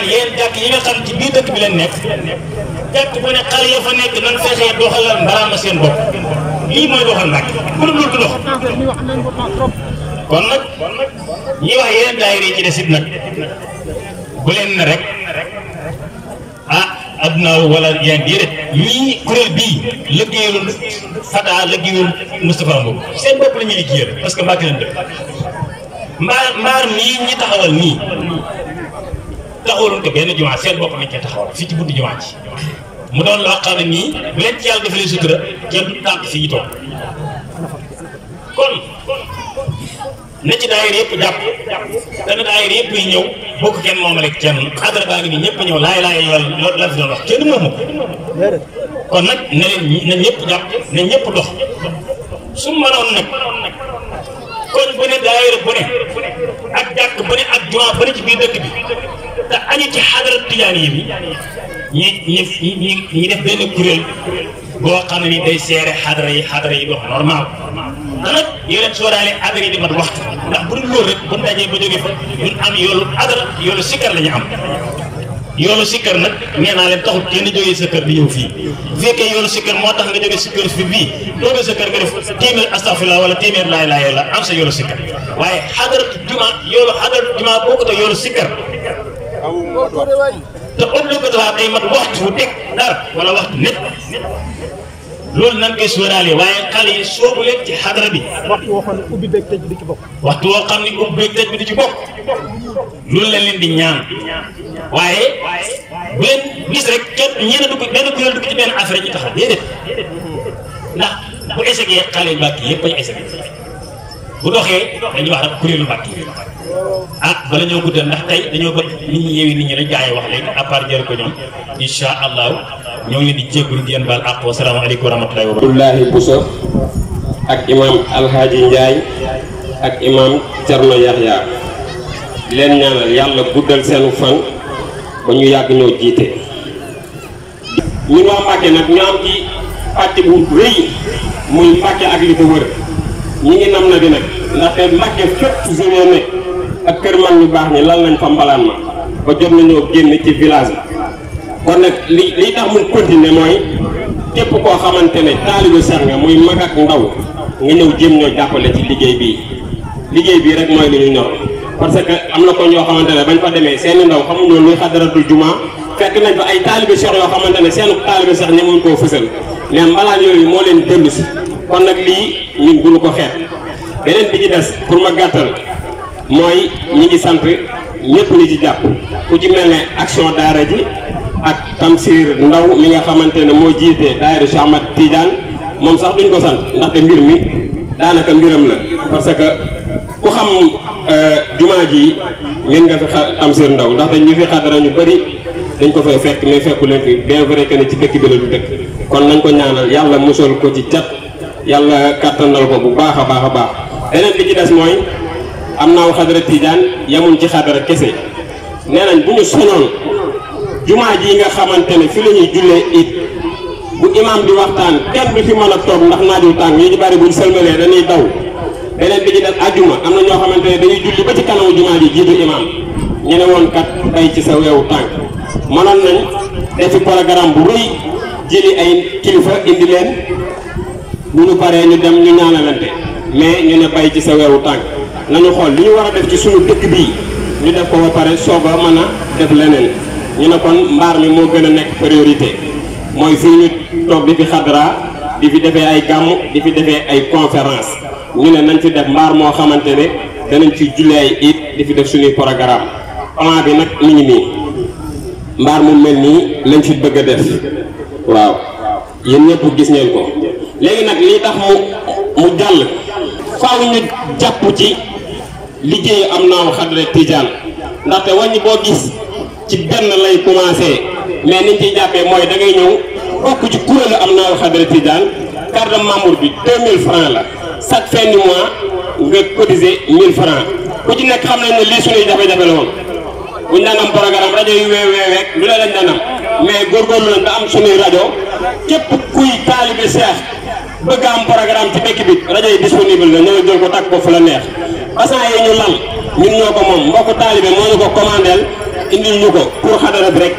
ñaan yéen jàkk yi nga xam ci biir dëkk bi leen nekk jàkk bu ne xale ya fa nekk nan fexe doxalal mbaraama seen bopp lii mooy doxal nag pour lu dul dox kon nag ñi wax yeneen daayira yi ci desit nag ne rek ah aduna wala yeneen déedéet lii kuréel bii liggéeyul Fata liggéeyul Moustapha Mbow seen bopp la ñuy liggéeyal parce que Mbàkke leen dëkk mbaar mbaar nii ñi taxawal nii taxawaloon ko benn jumaa seen bopp lañ fii ci buntu mu doon loo xam ne nii bu leen ci yàlla defalee sutura kenn du tànk kon jàpp dana daayira yëpp yi ñëw bokk kenn moomale kenn adara baa ngi nii ñëpp kon nag na ñépp na ñëpp jàpp na ñëpp dox su mënoon nag kon bu ne daayira bu ne ak jàkk bu ne ak jumaa bu ne ci biir dëkk bi te añu ci xadara tijaan yi bi ñi ñi ñi def benn kuréel boo xam ne ni day seere xadara yi xadara yi dox normal te nag soo sooraale adara yi di mat waxtu ndax bu dul loolu rek bu dajee ba jógee fa ñun am yoolu adara yoolu sikkar la ñu am yoolu sikkar nag nee naa leen taxut kenn jógee sa kër fii bu fekkee yoolu moo tax nga jógee sa kër fi bii doogee sa kër nga def téeméer astafurlah wala téeméer laay laay la am sa yoolu sikkar waaye xadaratu juma yoolu xadaratu juma bokkut ak yoolu sikkar te obligatoire day mat waxtu bu teg dara wala waxtu nit loolu nan koy sóoraale waaye xale yi soobu leen ci xadara bi. waxtu woo xam ne ubbi beeg tëj bi di ci bokk. waxtu woo xam ne ubbi bi di ci bokk loolu di ñaan waaye bu leen gis rek kenn ñenn dugg benn kuréel dugg ci benn affaire ñu taxaw déedéet ndax bu échecgee xale yu mbàkk yëpp a ñu échecgee bu doxee dañuy wax rek kuréelu mbàkk yi. ah bala ñoo guddal ndax tey dañoo bëgg nit ñi yeewi nit ñi la jaay wax léegi à part jël ko ñoom insha allahu ñoo ngi leen di jégalu di leen baal àq wa salaamualeykum wa rahmatullahi wa barakatuh ak imam Alhaaji Yaxya di leen ñaanal yàlla guddal seenu fan ba ñu yàgg ñoo jiite ñun waa Mbàkke nag ñu am ci pàcc bu rëy muy Mbàkke ak li ko wër ñu ngi nam na bi nag ndaxte Mbàkke fépp jëlee nekk ak kër mag ñu baax ñi lal nañ fa mbalaan ma ba jot nañoo génn ci village bi kon nag li li tax mun ne mooy képp koo xamante ne taalibu seex nga muy mag ak ndaw nga ñëw jéem ñoo jàppale ci liggéey bii liggéey bii rek mooy li ñu ñor parce que am na ko ñoo xamante ne bañ fa demee seeni ndaw xamuñu luy xadaratul jumaa fekk nañ fa ay taalibu seex yoo xamante ne seen taalibu seex ñemuñ koo fësal mais mbalaan yooyu moo leen dellu si kon nag lii ñun duñu ko xeet beneen bi ci des pour ma mooy ñi ngi sant ñëpp ñi ci jàpp ku ci ne action daara ji ak Tamsir Ndaw mi nga xamante ne moo jiite daayira Cheikh Ahmad Tidiane moom sax duñ ko sant ndaxte mbir mi daanaka mbiram la parce que ku xam euh, jumaa ji ngeen nga fi Tamsir Ndaw ndaxte ñu fi xadara ñu bëri dañ ko fay fekk mais fekku leen fi bien vrai que ne ci dëkk bi la du dëkk kon nañ ko ñaanal yàlla musal ko ci cat yàlla kàttanal ko bu baax a baax a baax beneen bi ci des mooy am naaw xadara tiijaan yamuñ ci xadara kese nee nañ bu ñu sonoon jumaa ji nga xamante ne fi la ñuy jullee it bu imaam di waxtaan kenn du fi mën a toog ndax naaju tàng ñu bari buñ sëlmalee dañuy daw beneen bi ci def ajuma am na ñoo xamante ne dañuy julli ba ci kanamu jumaa ji jiitu imaam ñu ne woon ci sa weewu tànk mënoon nañ defi programme bu rëy jëli ay kilifa indi leen bu ñu paree ñu dem ñu ñaanalante mais ñu ne bay ci sa wewu tànk nañu xool li ñu war a def ci suñu dëkk bii ñu def ko ba pare soog a mën a def leneen ñu ne kon mbaar mi moo gën a nekk priorité mooy fii toog di fi xadra di fi defee ay gàmm di fi defee ay conférence ñu ne nañ fi def mbaar moo xamante ne danañ ci julli ay it di fi def suñuy programme plan bi nag mu ngi nii mbaar mu mel nii lañ fi bëgg a def waaw yéen ñëpp gis ngeen ko léegi nag lii tax mu mu jàll faaw ñu jàpp ci liggéey am naam xadre tijaan ndaxte wàññi boo gis ci benn lay commencé mais niñ ciy jàppee mooy da ngay ñëw bokk ci kuréelu am naam xadre tijaan carte de membre bi 2000 francs la chaque fin du mois nga cotiser 1000 francs ku ci nekk xam nañ ne lii suñuy jafe-jafe la woon buñ daan am rajo yu wee wee lu la lañ daan am mais góorgóorlu nañ ba am suñuy rajo képp kuy taalibe Cheikh bëgg am programme ci dëkk bi rajo yi disponible la ñoo jël ko takk ko fu la neex basan yi ñu lal ñun ñoo ko moom mbokku taalibe moo ñu ko commandeel indil ñu ko pour xadara bi rek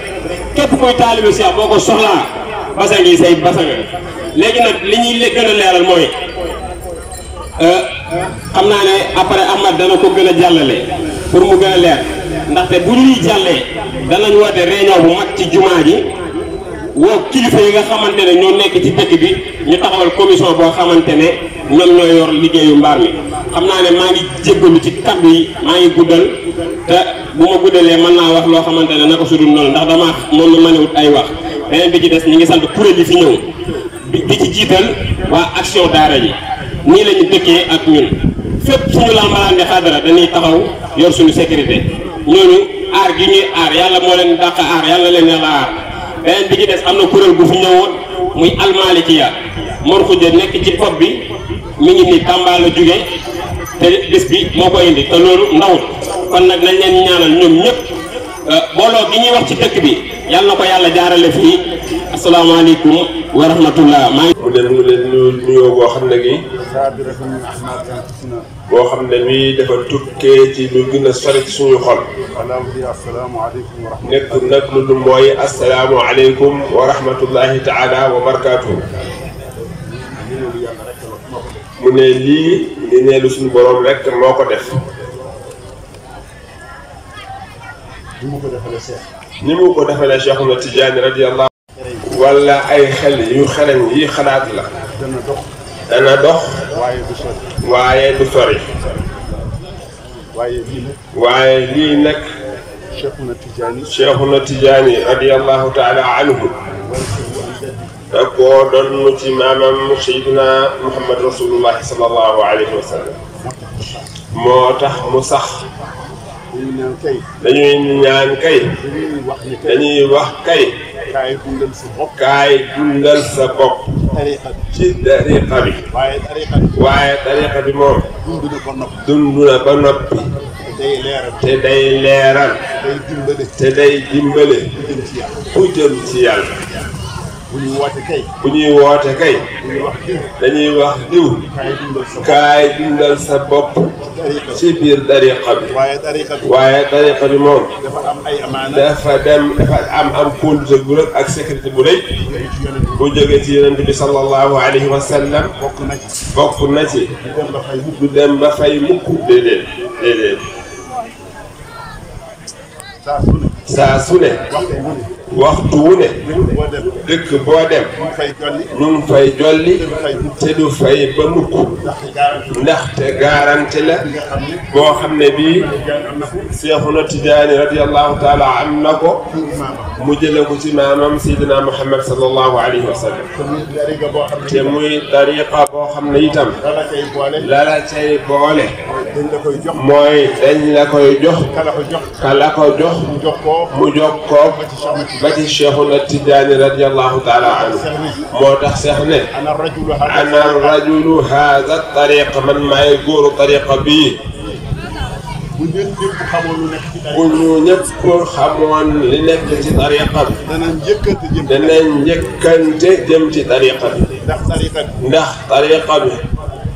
képp kuy taalibe si boo ko soxlaa basan yi say basan léegi nag li ñuy gën a leeral mooy euh, xam naa ne après Ahmad dana ko gën a jàllale pour mu gën a leer ndaxte bu ñuy jàllee danañ woote réunion bu mag ci jumaa ji woo kilifa yi nga xamante ne ñoo nekk ci dëkk bi ñu taxawal commission boo xamante ne ñoom ñoo yor liggéeyu mbaar mi xam naa ne maa ngi jéggalu ci kaddu yi maa ngi guddal te bu ma guddalee mën naa wax loo xamante ne naka su dul noonu ndax damaa moom la mënewut ay wax beneen bi ci des ñu ngi sant kuréel yi fi ñëw bi ci jiital waa action daara yi nii la ñu dëkkee ak ñun fépp laa làmbalaande xadara dañuy taxaw yor suñu sécurité ñooñu aar gi ñuy aar yàlla moo leen dàq aar yàlla leen yàlla beneen bi ci des am na kuréel gu fi ñëwoon muy almalikiya Mor Khoudia nekk ci COP bi mi ngi ni Tamba la jóge te bés bi moo ko indi te loolu ndawut kon nag nañ leen ñaanal ñoom ñëpp. Euh, mbooloo bi ñuy wax ci dëkk bi yàlla na ko yàlla jaarale fii asalaamaaleykum wa rahmatullah maa ngi mu leen mu leen nuyu nuyoo boo xam ne gi boo xam dafa tukkee ci lu gën a sori ci suñu xol nekk nag lu du mooy asalaamaaleykum wa rahmatullahi taala wa barakaatuhu mu ne lii li neelu suñu boroom rekk moo ko def ni mu ko defalee Cheikh. ni mu ko defalee Cheikhuna Tidiane radiyallahu wala ay xel yu xereñ yi xalaat la. dana dox. dana dox. waaye du sori. waaye du sori. waaye lii nag. waaye lii nag. Cheikhuna Tidiane. Cheikhuna Tidiane radiyallahu taala anhu. da koo doon ci maamam Seydina Muhammad rasulullahi sallallahu alayhi wa sallam. moo tax mu sax. dañuy ñaan kay. dañuy ñaan wax ni kay wax kay. kaay dundal sa bopp. kaay dundal sa bopp. ci tariqa bi. waaye tariqa bi. waaye tariqa ba noppi. dund te day leeral. te day leeral. te day dimbale. te dimbale. ku ci yàlla. bu ñuy woote kay. bu ñuy woote kay. dañuy wax diw. kaay dundal sa bopp. ci biir dariqa bi. waaye dariqa bi waaye dariqa bi moom. dafa am ay amaana. dafa dem dafa am am kóolute bu rëy ak sécurité bu rëy. bu jógee ci yonent bi sallallahu alayhi wa sallam. bokk na ci bokk na ci. du dem ba fay mukk déedéet waxtu wu ne. dëkk boo dem. ñu ngi fay jolli. te du fay ba mukk. ndaxte garanti la. boo xam ne bii. Seexuna Tijaani radiyallahu taala am na ko. mu jële ko ci maamam Seydina Muhammad sallallahu alayhi te muy tariqa boo xam ne itam. la la cay boole. mooy dañ la koy jox. kala ko jox. mu jox ko. ba ci cheikhuna tijaani radiallahu taala anhu moo tax seex ne ana rajulu haada tariqa man maay góoru tariqa bii bu ñu ñëpp xamoon li nekk ci tariqa bi. danañ njëkkante jëm. danañ njëkkante jëm ci tariqa bi. ndax tariqa bi. ndax tariqa bi.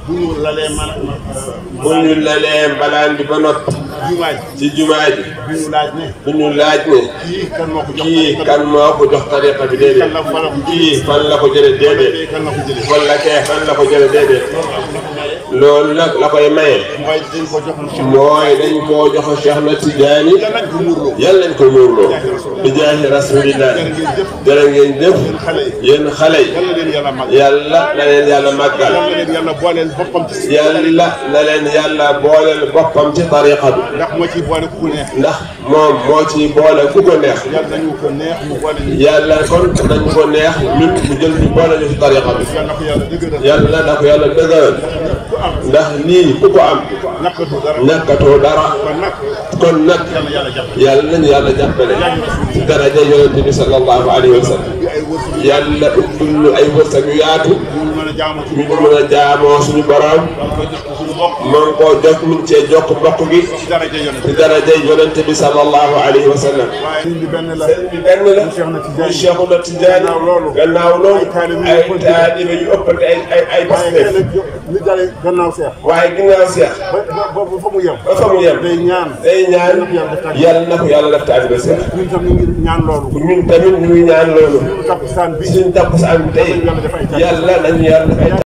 bu ñu lalee malaan bi ba noppi. jumaa ji ci jumaa ji. bu ñu laaj ne. bu ñu laaj ne. kii kan moo ko jox kii kan moo ko jox tariqa bi déedéet. kii fan la ko jëlee déedéet. wala kee fan la ko jëlee déedéet. loolu nag la koy maye. mooy dañ koo jox Cheikh na Tidiane. yàlla nañ ko muurloo. bi jaahi rasulillah. jërë ngeen jëf. yéen xale yi. yàlla na leen yàlla màggal. yàlla na leen yàlla booleel boppam ci tariqa bi. ndax moo ciy boole ku ko neex. ndax moom moo ciy boole ku ko neex. yàlla nañu ko neex mu boole ñu. yàlla kon nañu ko neex ñun mu jël ñu boole ñu si tariqa bi. yàlla na ko yàlla dëgëral. ndax nii ku ko am. ñàkkatoo dara ñàkkatoo dara. kon nag yàlla nañu yàlla jàppale. daraja yonente bi sallallahu alayhi wa sallam. yàlla ubbil ñu ay wërsëg yu yaatu. ñu mën a jaamoo suñu borom. mbokk man koo jokk mun cee jokk mbokk gi ci darajay yonente bi sallallahu alayhi wa sallam sëñ bi benn la sëñ bi benn la muy Cheikhu na Tijaani gannaaw loolu ay taalibe yu ëppante ay ay ay pasteef li dale gannaaw seex waaye gannaaw seex ba fa mu yem ba fa mu yem day ñaan day ñaan yàlla na ko yàlla def taalibe seex ñun tam ñu ngi ñaan loolu ñun tamit ñu ngi ñaan loolu suñ takkusaan bi suñ takkusaan bi tey yàlla nañu yàlla def ay